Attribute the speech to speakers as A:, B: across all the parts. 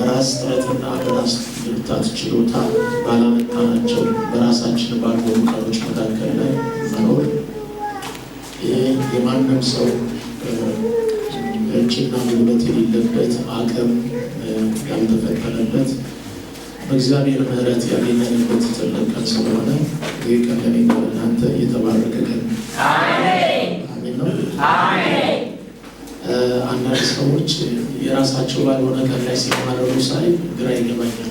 A: በራስ ጥረትና በራስ ብርታት ችሎታ ባላመጣናቸው በራሳችን ባልሆኑ ቃሎች መካከል ላይ መኖር ይህ የማንም ሰው እጅና ጉልበት የሌለበት አቅም ያልተፈቀደበት በእግዚአብሔር ምሕረት ያገኘንበት ትልቅ ቀን ስለሆነ ይህ ቀን ለእኔና ለእናንተ የተባረከ ቀን ነው። አንዳንድ ሰዎች የራሳቸው ባልሆነ ቀን ላይ ሲማረሩ ሳይ ግራ ይገባኛል።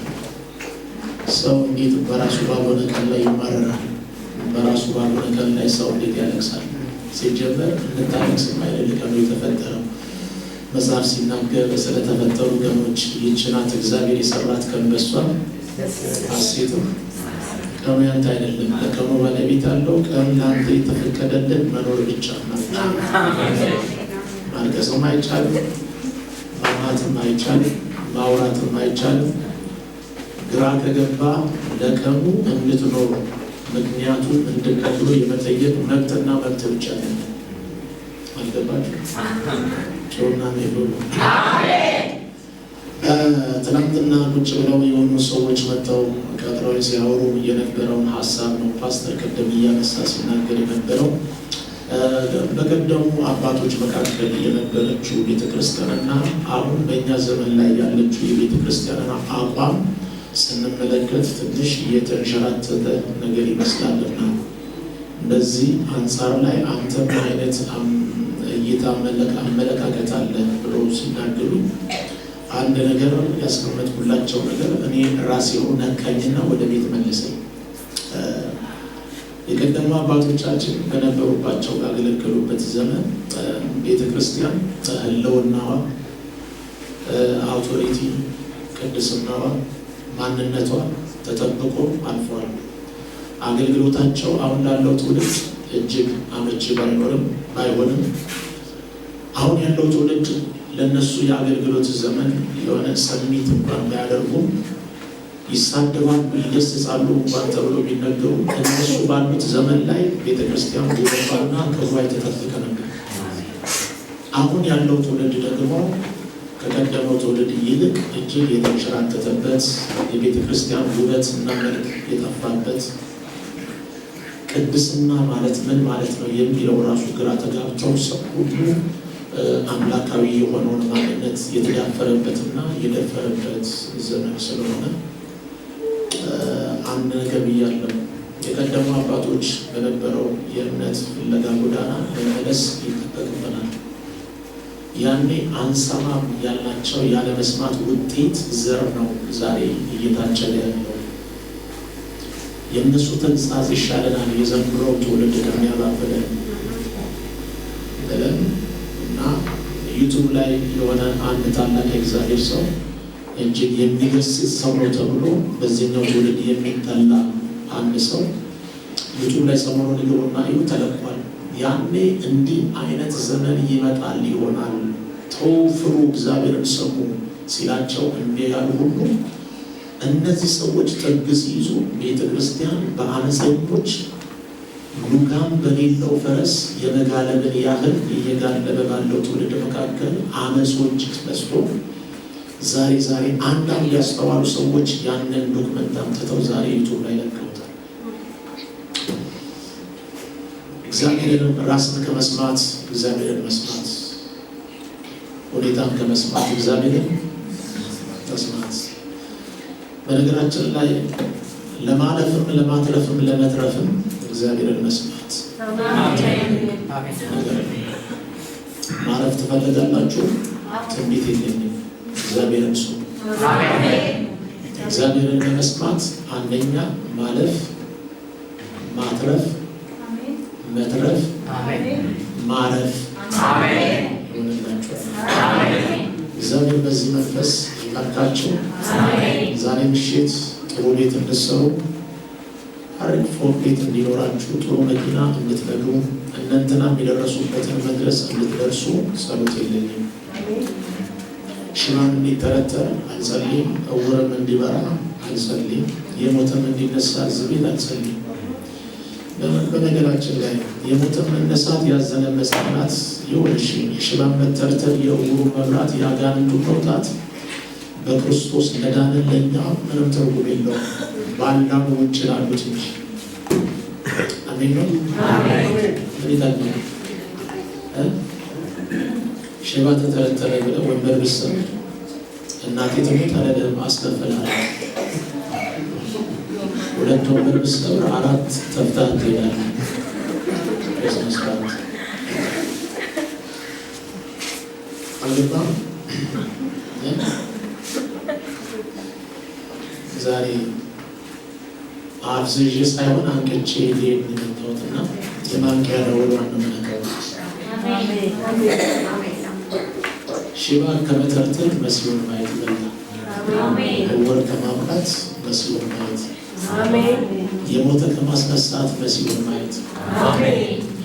A: ሰው እንዴት በራሱ ባልሆነ ቀን ላይ ይማረራል? በራሱ ባልሆነ ቀን ላይ ሰው እንዴት ያለቅሳል? ሲጀመር እንታለቅስ ማይል ቀኑ የተፈጠረው። መጽሐፍ ሲናገር ስለተፈጠሩ ቀኖች ይችናት እግዚአብሔር የሰራት ቀን፣ በሷ አሴትም ቀኑ ያንተ አይደለም፣ ለቀኑ ባለቤት አለው። ቀኑ ለአንተ የተፈቀደልን መኖር ብቻ ነው። ማልቀስም አይቻልም፣ ማማትም አይቻልም፣ ማውራትም አይቻልም። ግራ ከገባ ለቀሙ እንድትኖሩ ምክንያቱ እንድትከፍሉ የመጠየቅ መብትና መብት ብቻ ነው። አልገባችሁ? ጭውና ሄዶ ነው። ትናንትና ቁጭ ብለው የሆኑ ሰዎች መጥተው ቀጥረው ሲያወሩ የነበረውን ሀሳብ ነው ፓስተር ቅድም እያነሳ ሲናገር የነበረው በቀደሙ አባቶች መካከል የነበረችው ቤተክርስቲያንና አሁን በእኛ ዘመን ላይ ያለችው የቤተክርስቲያንና አቋም ስንመለከት ትንሽ የተንሸራተተ ነገር ይመስላልና በዚህ አንጻር ላይ አንተ ምን አይነት እይታ አመለካከት አለ ብሎ ሲናገሩ አንድ ነገር ያስቀመጥኩላቸው ነገር እኔ ራሴ ነካኝና ወደ ቤት መለሰኝ። የቀደሙ አባቶቻችን በነበሩባቸው ባገለገሉበት ዘመን ቤተክርስቲያን ክርስቲያን ህልውናዋ፣ አውቶሪቲ፣ ቅድስናዋ፣ ማንነቷ ተጠብቆ አልፏል። አገልግሎታቸው አሁን ላለው ትውልድ እጅግ አመቺ ባይኖርም ባይሆንም አሁን ያለው ትውልድ ለእነሱ የአገልግሎት ዘመን የሆነ ሰሚት እንኳን ባያደርጉም ይሳደባሉ፣ ይገስጻሉ እንኳን ተብሎ ቢነገሩ እነሱ ባሉት ዘመን ላይ ቤተክርስቲያን የገባና ከዛ የተጠበቀ ነበር። አሁን ያለው ትውልድ ደግሞ ከቀደመው ትውልድ ይልቅ እጅግ የተንሸራተተበት የቤተክርስቲያን ውበት እና መልክ የጠፋበት ቅድስና ማለት ምን ማለት ነው የሚለው ራሱ ግራ ተጋብተው ሰው ሁሉ አምላካዊ የሆነውን ማንነት የተዳፈረበትና የደፈረበት ዘመን ስለሆነ አንድ ነገር ብያለሁ። የቀደሙ አባቶች በነበረው የእምነት ፍለጋ ጎዳና ለመመለስ ይጠበቅብናል። ያኔ አንሰማም ያላቸው ያለመስማት ውጤት ዘር ነው ዛሬ እየታጨለ ያለው። የእነሱ ተግሳጽ ይሻለናል የዘንድሮው ትውልድ ከሚያባብለን ብለን እና ዩቱብ ላይ የሆነ አንድ ታላቅ የእግዚአብሔር ሰው እጅግ የሚገስ ሰው ነው ተብሎ በዚህኛው ትውልድ የሚጠላ አንድ ሰው ዩቱብ ላይ ሰሞኑን ልውና እዩ ተለቋል። ያኔ እንዲህ አይነት ዘመን ይመጣል ይሆናል፣ ተው ፍሩ፣ እግዚአብሔርን ሰሙ ሲላቸው እንዲ ያሉ ሁሉ እነዚህ ሰዎች ጥግ ሲይዙ ቤተ ክርስቲያን በአመፀኞች ሉጋም በሌለው ፈረስ የመጋለብን ያህል እየጋለበ ባለው ትውልድ መካከል አመሶች በዝቶ ዛሬ ዛሬ አንዳንድ ያስተዋሉ ሰዎች ያንን ዶክመንት አምጥተው ዛሬ ዩቱብ ላይ ለቀውታል። እግዚአብሔርን ራስን ከመስማት እግዚአብሔርን መስማት፣ ሁኔታን ከመስማት እግዚአብሔርን መስማት። በነገራችን ላይ ለማለፍም ለማትረፍም ለመትረፍም እግዚአብሔርን መስማት። ማረፍ ትፈልጋላችሁ? ትንቢት የለኝም እግዚአብሔርን ሱ እግዚአብሔርን ለመስማት አንደኛ ማለፍ፣ ማትረፍ፣ መትረፍ፣ ማረፍ
B: ይሆንላቸዋል።
A: እግዚአብሔር በዚህ መንፈስ ይመርካቸው። ዛሬ ምሽት ጥሩ ቤት እንድትሰሩ አሪፍ ፎቅ ቤት እንዲኖራችሁ ጥሩ መኪና እንድትነዱ እናንተና የደረሱበትን መድረስ እንድትደርሱ ጸሎት የለኝም። ሽባን እንዲጠረጠር አልጸልይም፣ እውርም እንዲበራ አልጸልይም፣ የሞተም እንዲነሳ ዝቤት አልጸልይም። በነገራችን ላይ የሞተ መነሳት ያዘነ መጽናናት የሆነሽ የሽባን መተርተር የእውሩ መብራት የአጋንንቱ መውጣት በክርስቶስ ለዳንን ለእኛ ምንም ትርጉም የለው ባላሙ ውጭ ላሉት እንጂ አሜን ነው። ሽባ ተተረተረ ብለው ወንበር ብስም እናቴ ትሙት አለደም አስከፍላል። ሁለት ወንበር ብስቀብር አራት ተፍታ ትሄዳለ ስመስራት አልባ ዛሬ ሳይሆን አንቅቼ ሄድ የመጣሁትና የማንኪያ ደወል ዋና ሽባ ከመተርተር በሲኦል ማየት ይበልጣል። እውር ከማብቃት በሲኦል ማየት፣ የሞተ ከማስነሳት በሲኦል ማየት።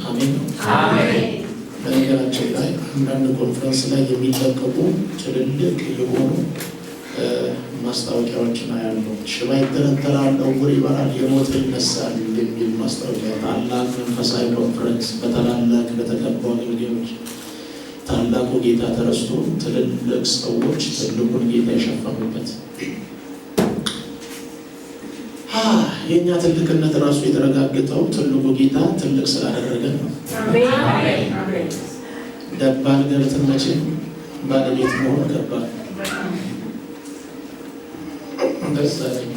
A: አሜን
B: ነው።
A: በነገራችን ላይ አንዳንድ ኮንፈረንስ ላይ የሚለቀቁ ትልልቅ የሆኑ ማስታወቂያዎችን አያለሁ። ሽባ ይተረተራል፣ እውር ይበራል፣ የሞተ ይነሳል የሚል ማስታወቂያ ታላቅ መንፈሳዊ ኮንፈረንስ በታላላቅ በተቀባው ድርጌዎች ታላቁ ጌታ ተረስቶ ትልልቅ ሰዎች ትልቁን ጌታ የሸፈኑበት የእኛ ትልቅነት ራሱ የተረጋገጠው ትልቁ ጌታ ትልቅ ስላደረገ ነው። ደባል ገብትን መቼ ባለቤት መሆን ገባል ደሳለኝ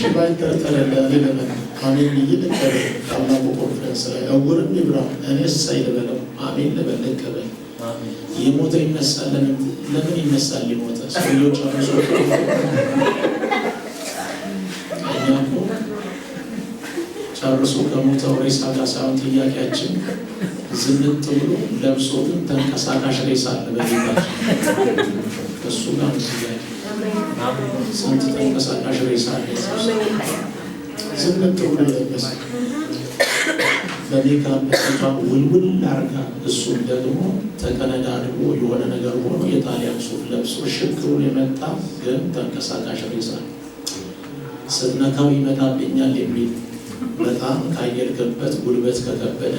A: ሽባይተጠለለ ልለመ አሜን ይልቀ አላቁቆ ስራ ያውርም ይብራ እኔስ እሰይ አሜን ልበል፣ ልቀበል። የሞተ ይነሳለን ለምን ይነሳል? ሊሞተ ሰውየው ጨርሶ እኛኮ ጨርሶ ከሞተው ሬሳ ጋር ሳይሆን ጥያቄያችን ዝንጥ ብሎ ለብሶ ግን ተንቀሳቃሽ ሬሳ አለ በቤታችን። እሱ ጋር ጥያቄ ስንት ተንቀሳቃሽ ሬሳ አለ ዝንጥ ብሎ ለበሰ በሜካፕ ሴቷ ውልውል አርጋ እሱም ደግሞ ተቀነዳድቦ የሆነ ነገር ሆኖ የጣሊያን ሱፍ ለብሶ ሽክሩን የመጣ ግን ተንቀሳቃሽ ሬሳ ስነካው ይመጣብኛል የሚል በጣም ገበት ጉልበት ከከበደ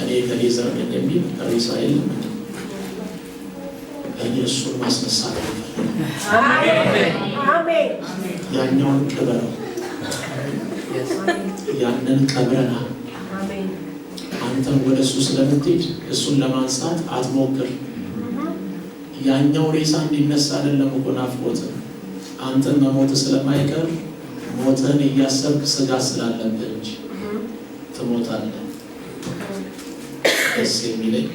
A: እኔ ከሌዘር ነኝ የሚል ሬሳ የለም። እኔ እሱን ማስነሳት ያኛውን ቅበረው ያንን ቀብረናል። አንተ ወደ እሱ ስለምትሄድ እሱን ለማንሳት አትሞክር። ያኛው ሬሳ እንዲነሳ እንዲነሳልን ለመሆን አፍቆት አንተን መሞት ስለማይቀር ሞትን እያሰብክ ስጋ ስላለብህ እንጂ ትሞታለ ደስ የሚለኝ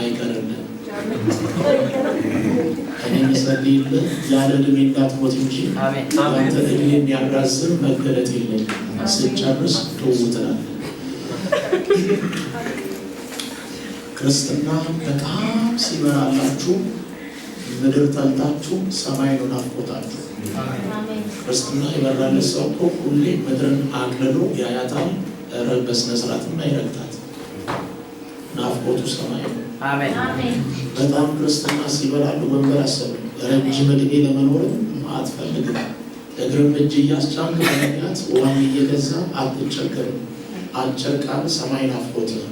A: አይቀርልህ እኔ ምጸልይልህ ያለ ዕድሜ እንዳትሞት እንጂ አንተ ዕድሜ የሚያራዝም መገለጥ የለኝም። ስጨርስ ትውውትናለህ ክርስትና በጣም ሲበራላችሁ ምድር ተልታችሁ ሰማይን ናፍቆታችሁ። ክርስትና የበራለ ሰው እኮ ሁሌ ምድርን አቅልሎ ያያታል። ረግ በስነስርዓትም አይረግጣት ናፍቆቱ ሰማይ ነው። በጣም ክርስትና ሲበላሉ መንበር አሰብ ረጅም ዕድሜ ለመኖርም አትፈልግም። እግርም እጅ እያስጫንክ ምክንያት ዋን እየገዛ አትቸገርም። አጭር ቃል ሰማይ ናፍቆት ነው።